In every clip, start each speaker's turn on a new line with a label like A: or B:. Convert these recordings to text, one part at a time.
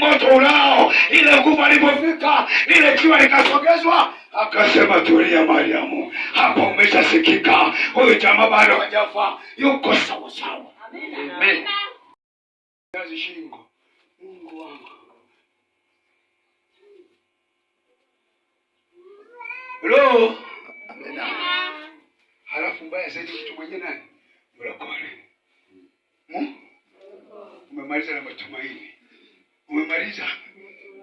A: moto unao. Ile nguvu alipofika ile jiwe likasogezwa, akasema tulia, Mariamu. Hapo umeshasikika, huyu jamaa bado hajafa, yuko sawa sawa. Halafu mbaya zaidi kitu mwenye nani? Mlokole. Hmm? Mu? Umemaliza na matumaini umemaliza.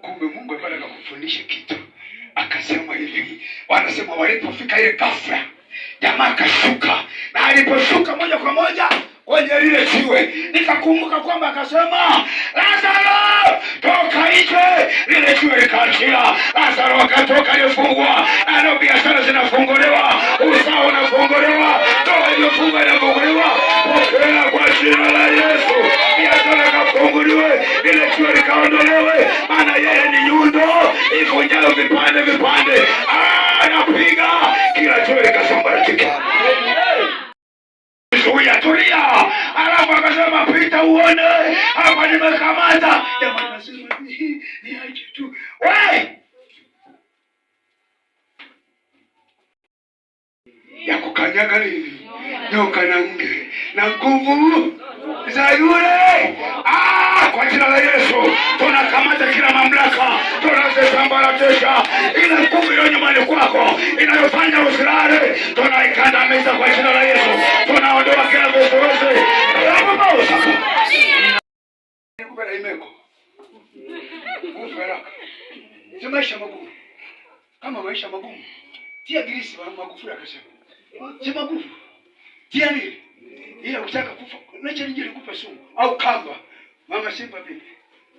A: Kumbe Mungu alikuwa akakufundisha kitu, akasema hivi, wanasema walipofika ile kafra, jamaa akashuka, na aliposhuka moja kwa moja kwenye lile jiwe, nikakumbuka kwamba akasema, Lazaro toka nje. Lile jiwe likaachia, Lazaro akatoka aliyofungwa, nalo biashara zinafunguliwa, usawa unafunguliwa, ndoa iliyofungwa inafunguliwa. uondolewe, ana yeye ni nyundo ivunjayo vipande vipande, ah, anapiga kila jiwe likasambaratika. Zuia, tulia, alafu akasema pita uone, hapa nimekamata. Jamaa anasema niache tu wewe ya kukanyaga nini nyoka na nge na nguvu za yule. Ah, kwa jina la Yesu tunakamata kila mamlaka, tunazisambaratisha ila nguvu iliyo nyumbani kwako inayofanya usilale, tunaikandamiza kwa jina la Yesu, tunaondoa kila vizuizi si maisha magumu, kama maisha magumu, tia grisi. Magufuli akasema si magumu, tia nini, ila utaka kufa Nacho lije likupa sumu au kamba. Mama Simba vipi?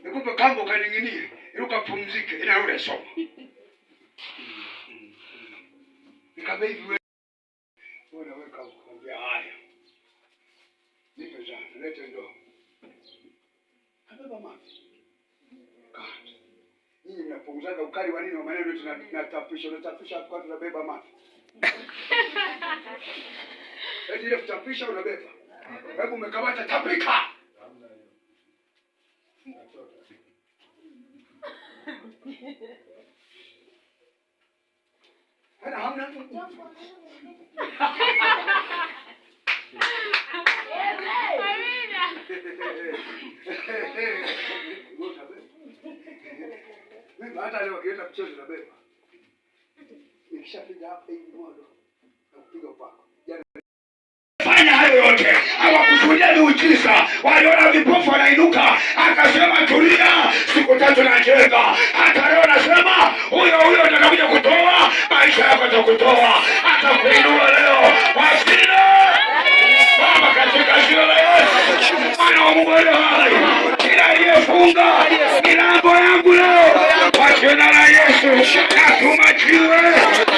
A: Nikupa kamba ukaning'inie ili ukapumzike ila yule soma. Nikambe hivi wewe. Bora wewe kaambia haya. Nipe jana, lete ndo. Kabeba mama. God. Ninyi mnapunguzaga ukali wa nini wa maneno tunatapisha, tunatapisha kwa tunabeba mama. Eti ile kutapisha unabeba hebu umekamata tapika hata leo akienda mchezo nabeba nikishapiga hapa hivi modo na kupiga upako waliokuja miujiza, waliona vipofu wanainuka. Akasema tulia, siku tatu najenga. Hata leo nasema huyo huyo atakakuja kutoa maisha yako, atakutoa atakuinua leo wasina Baba, katika jina la Yesu mwana wa Mungu aliye hai, kila aliyefunga milango yangu leo kwa jina la Yesu natuma jiwe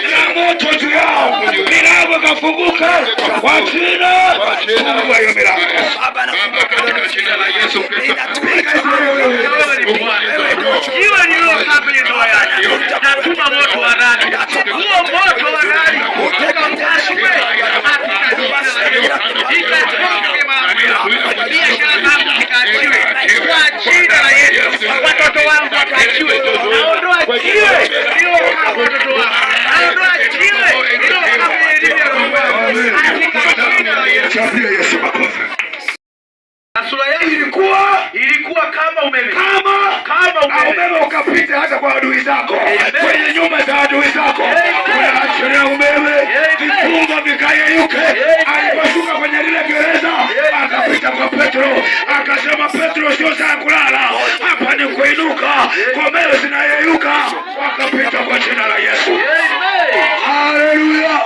A: la moto juu yao, milango kafunguke kwa jina la Yesu. You wewe, wewe ni wewe, yake na kulala, hapa ni kuinuka, komeo zinayeyuka, wakapita kwa jina la Yesu. Haleluya!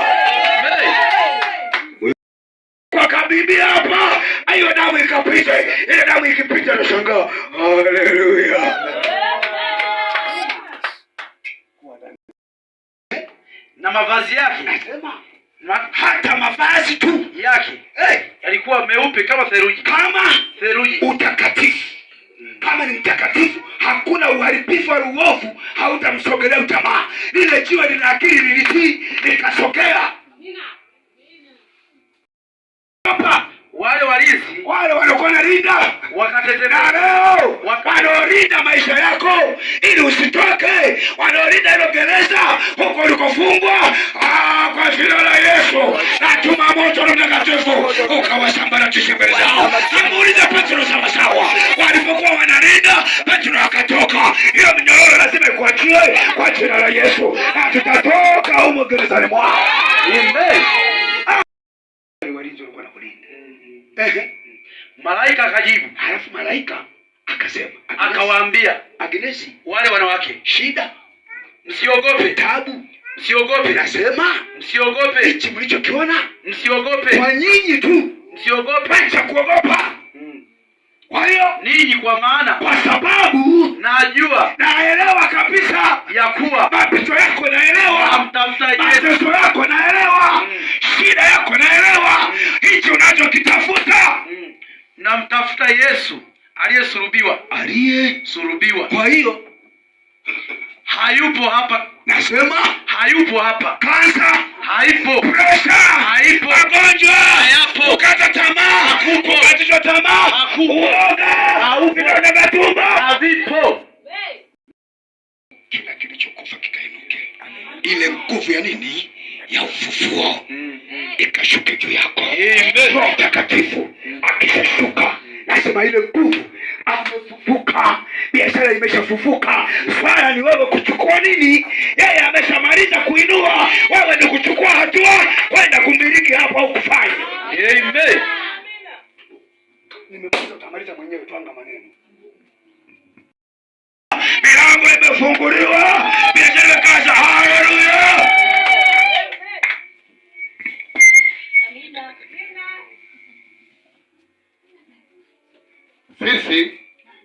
A: Wakabibi hapa, hiyo damu ikapita, ile damu ikipita, nashangaa. Haleluya!
B: na mavazi yake
A: na hata mavazi tu
B: yake hey, eh. meupe kama theluji, kama theluji.
A: uharibifu wa uovu hautamsogelea utamaa. Lile jiwe lina akili lilitii, likasogea
B: Wale walizi
A: wale walikuwa na rinda
B: wakatetemeka,
A: leo wanaolinda maisha yako ili usitoke, wanaorinda hilo gereza huko ulikofungwa ah, kwa jina la Yesu, natuma moto Roho Mtakatifu ukawasambaratishe mbele zao. Amuulize Petro majina wakatoka. Hiyo minyororo lazima ikuachie kwa jina la Yesu, na tutatoka humo gerezani mwao.
B: Ah. Walinzi walikuwa nakulinda. Malaika akajibu,
A: halafu malaika akasema,
B: akawaambia Agnesi, wale wanawake, shida msiogope, tabu msiogope, nasema msiogope,
A: hichi mlichokiona
B: msiogope,
A: kwa nyinyi tu
B: msiogope,
A: cha kuogopa mm. Kwa hiyo
B: ninyi, kwa maana
A: kwa sababu
B: najua
A: naelewa kabisa ya kuwa mapito yako naelewa, mateso yako naelewa, mm. shida yako naelewa, mm. hicho mm. unachokitafuta mm.
B: namtafuta Yesu aliyesulubiwa,
A: aliyesulubiwa. Kwa hiyo
B: hayupo hapa, nasema hayupo hapa, kansa haipo, presha haipo,
A: magonjwa
B: hayapo,
A: ukata tamaa hakupo, ukatishwa tamaa makubwa
B: havipo.
A: Kila kilichokufa kikainuke, ile nguvu ya nini ya ufufuo mm-hmm. ikashuke juu yako mtakatifu. Akishashuka nasema ile nguvu amefufuka, biashara imeshafufuka. Swala ni wewe kuchukua nini. Yeye ameshamaliza kuinua, wewe ni kuchukua hatua kwenda kumiliki hapo au kufanya
B: Amen
A: nimekuja utamaliza mwenyewe, twanga maneno. Milango imefunguliwa, biashara kaza. Haleluya, Sisi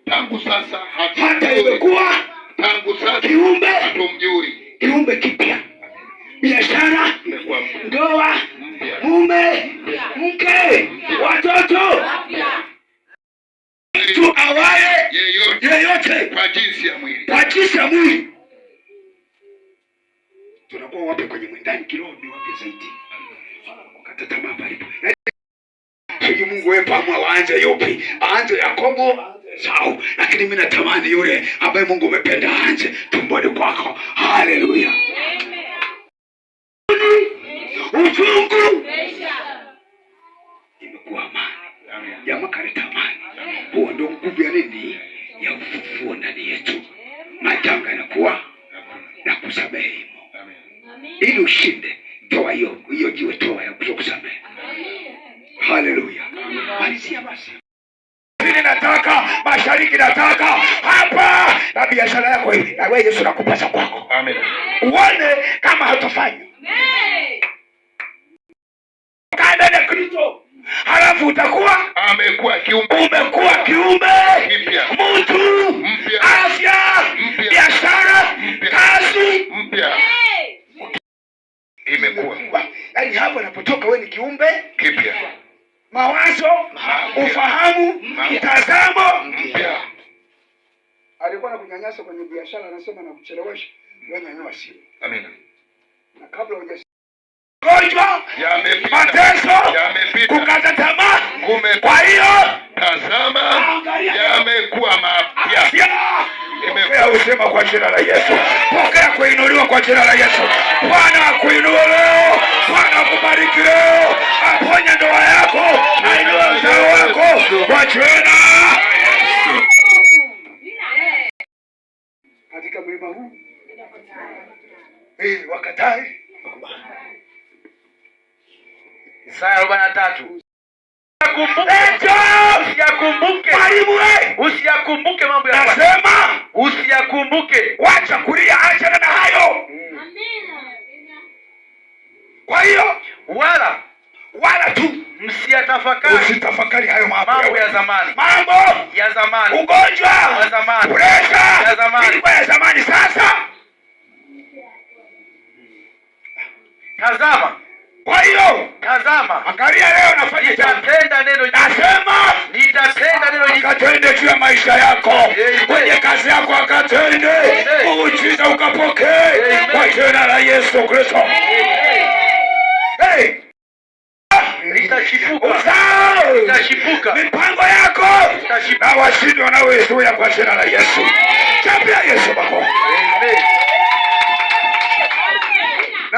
A: tangu sasa hata imekuwa tangu sasa kiumbe tumjui kiumbe kipya, biashara, ndoa, mume, mke Sisi amui tunakuwa wapi kwenye mwindani kiroho, ni wapi zaidi kukata tamaa palipo kwenye Mungu. Wewe pamwa waanze yupi? Aanze Yakobo, sawa, lakini mimi natamani yule ambaye Mungu umependa aanze tumboni kwako. Haleluya, uchungu imekuwa amani ya makareta amani. Huo ndio nguvu ya nini? Ya ufufuo ndani yetu majanga yanakuwa na kusamehe himo. Ili ushinde, toa hiyo hiyo jiwe, toa ya kusamehe. Haleluya, malizia basi nataka mashariki, nataka hapa na biashara yako hii, na wewe Yesu nakupaza kwako, uone kama hatofanya halafu utakuwa amekuwa kiumbe, umekuwa kiumbe kipya, mtu mpya, afya mpya, biashara kazi mpya imekuwa. Yaani hapo anapotoka wewe ni kiumbe kipya, mawazo mpya, ufahamu, mtazamo mpya. Alikuwa na kunyanyasa kwenye biashara, anasema na kuchelewesha, wewe nyanyua simu. Amina, na kabla magonjwa, mateso, kukata tamaa. Kwa hiyo tazama, yamekuwa mapya. Pokea uzima kwa jina la Yesu. Pokea kuinuliwa kwa jina la Yesu. Bwana akuinue leo, Bwana akubariki leo, aponye ndoa yako, ainue uzao wako kwa jina. Katika mlima huu eh,
B: Isaya arobaini na tatu. Usiyakumbuke, usiyakumbuke mambo ya
A: nasema,
B: usiyakumbuke,
A: wacha kulia, achana na hayo. Kwa hiyo wala wala tu
B: msiyatafakari,
A: usitafakari hayo
B: mambo ya zamani,
A: mambo
B: ya zamani, ugonjwa wa zamani,
A: presha ya zamani, ya zamani. Sasa
B: tazama
A: kwa hiyo
B: tazama,
A: angalia leo nafanya
B: nitatenda neno
A: hili. Nasema
B: nitatenda neno hili.
A: Katende juu ya maisha yako. Kwenye kazi yako akatende. Muujiza ukapokee kwa jina la Yesu Kristo.
B: Nitashipuka.
A: Mipango yako Nitashipuka. na washindi wanaoizuia kwa jina la Yesu. Chapia Yesu bako. Amen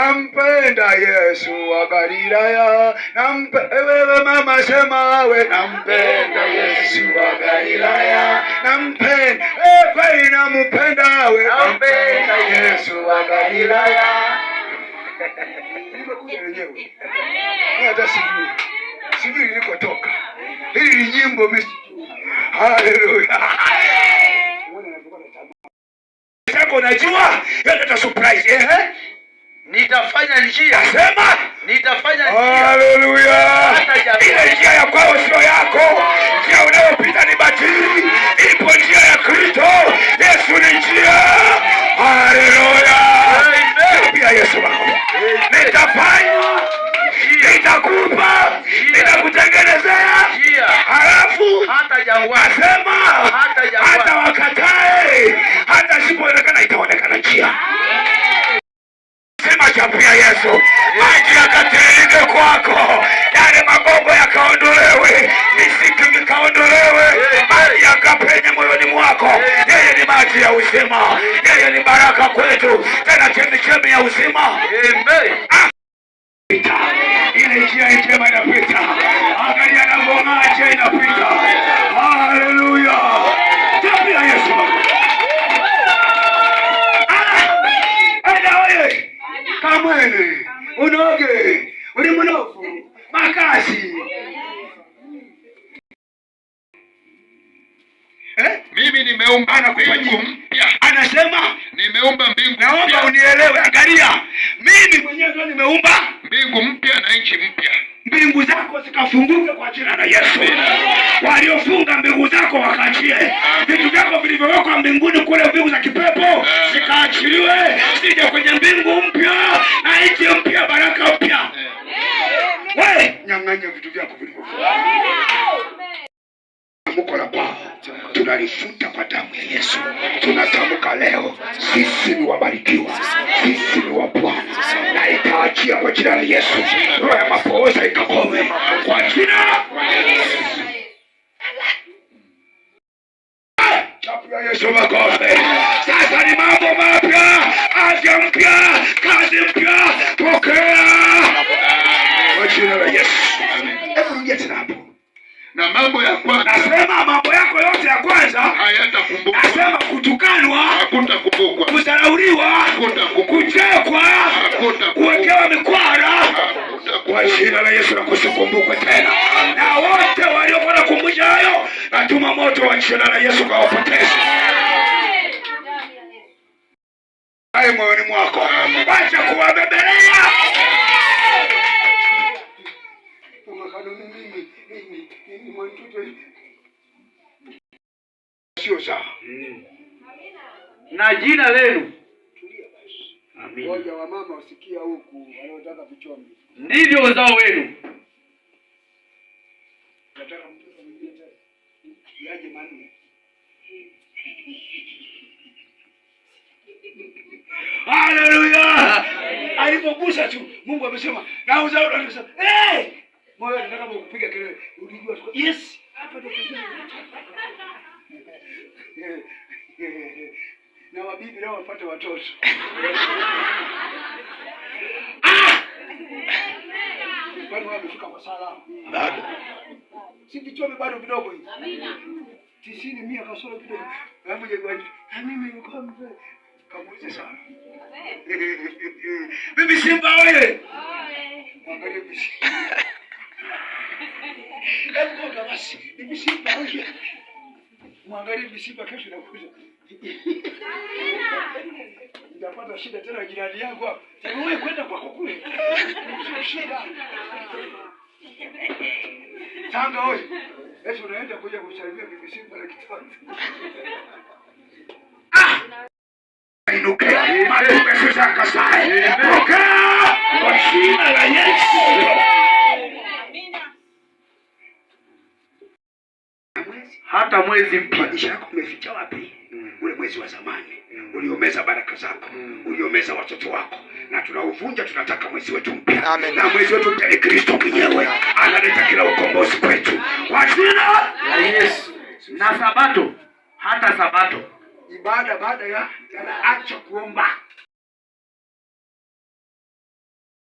A: nampenda Yesu wa Galilaya, nampe eh, eh, eh, mama sema we nampenda Yesu wa Galilaya, nampenda kweli nampenda we nampenda Yesu wa Galilaya. Hata sijui. Sijui Hili nyimbo Haleluya. Unajua? Yote ta surprise
B: nitafanya njia, sema nitafanya
A: njia. Haleluya! Ile njia ya kwao sio yako, njia unayopita ni batili. Ipo njia ya Kristo Yesu, ni njia. Haleluya! Pia Yesu wako ya uzima.
B: Amen.
A: Ile njia njema inapita. Angalia na mbona njia inapita. Haleluya. Tabia Yesu. Ah! Kamwene. Unoge. Ulimnofu. Makazi. mimi nimeumba mbingu mpya. Anasema nimeumba mbingu, naomba unielewe. Angalia, mimi mwenyewe ndio nimeumba mbingu mpya na nchi mpya. Mbingu zako zikafunguke kwa jina la Yesu. Waliofunga mbingu zako wakaachie vitu vyako vilivyowekwa mbinguni kule, mbingu za kipepo zikaachiliwe, sije kwenye mbingu mpya na nchi mpya, baraka mpya. We nyang'anya vitu vyako vilivyofunga Tamko la Baba tunalifuta kwa damu ya Yesu. Tunatamka leo, sisi ni wabarikiwa, sisi ni wa Bwana, na ikaachia kwa jina la Yesu. Roho ya mapooza ikakome kwa jina Sasa ni mambo mapya, afya mpya, kazi mpya, pokea kwa jina la Yesu. Hebu rudia tena hapo na mambo ya kwanza, nasema mambo yako yote ya kwanza hayatakumbukwa. Nasema kutukanwa hakutakumbukwa, kudharauliwa hakutakumbukwa, kuchekwa hakutakumbukwa, kuwekewa mikwara kwa jina la Yesu nakusikumbukwe tena, na wote waliokwenda kumwisha hayo natuma moto wa jina la Yesu kawapoteza. sio sawa mm.
B: na jina lenu
A: wasikia huku wanaotaka
B: ndivyo wazao wenu
A: Haleluya! Alipogusa tu Mungu amesema na uzao eh, moyo nataka kupiga kelele, ulijua yes, hapa ndio na mabibi nao wapate watoto amefika ah! kwa salama, si vichome bado vidogo hivi tisini mia kasoro kidogo. Ah, mimi kamuulize sana mimi Simba wewe, basi, mimi Simba wewe Mwangalie misiba kesho inakuja. Nitapata shida tena jirani yangu hapa. wewe kwenda kwako kule. Shida. Tanga oi. Eti unaenda kuja kumsalimia bibi Simba na kitanda. Ah! Inuke. Maduka sasa kasaye. Pokea kwa jina la Yesu. hata mwezi mpya maisha yako umeficha wapi? mm. ule mwezi wa zamani mm. uliomeza baraka zako mm. uliomeza watoto wako, na tunauvunja. Tunataka mwezi wetu mpya, na mwezi wetu mpya ni Kristo mwenyewe, analeta kila ukombozi kwetu kwa jina
B: la Yesu. Na sabato, hata sabato ibada baada ya acha kuomba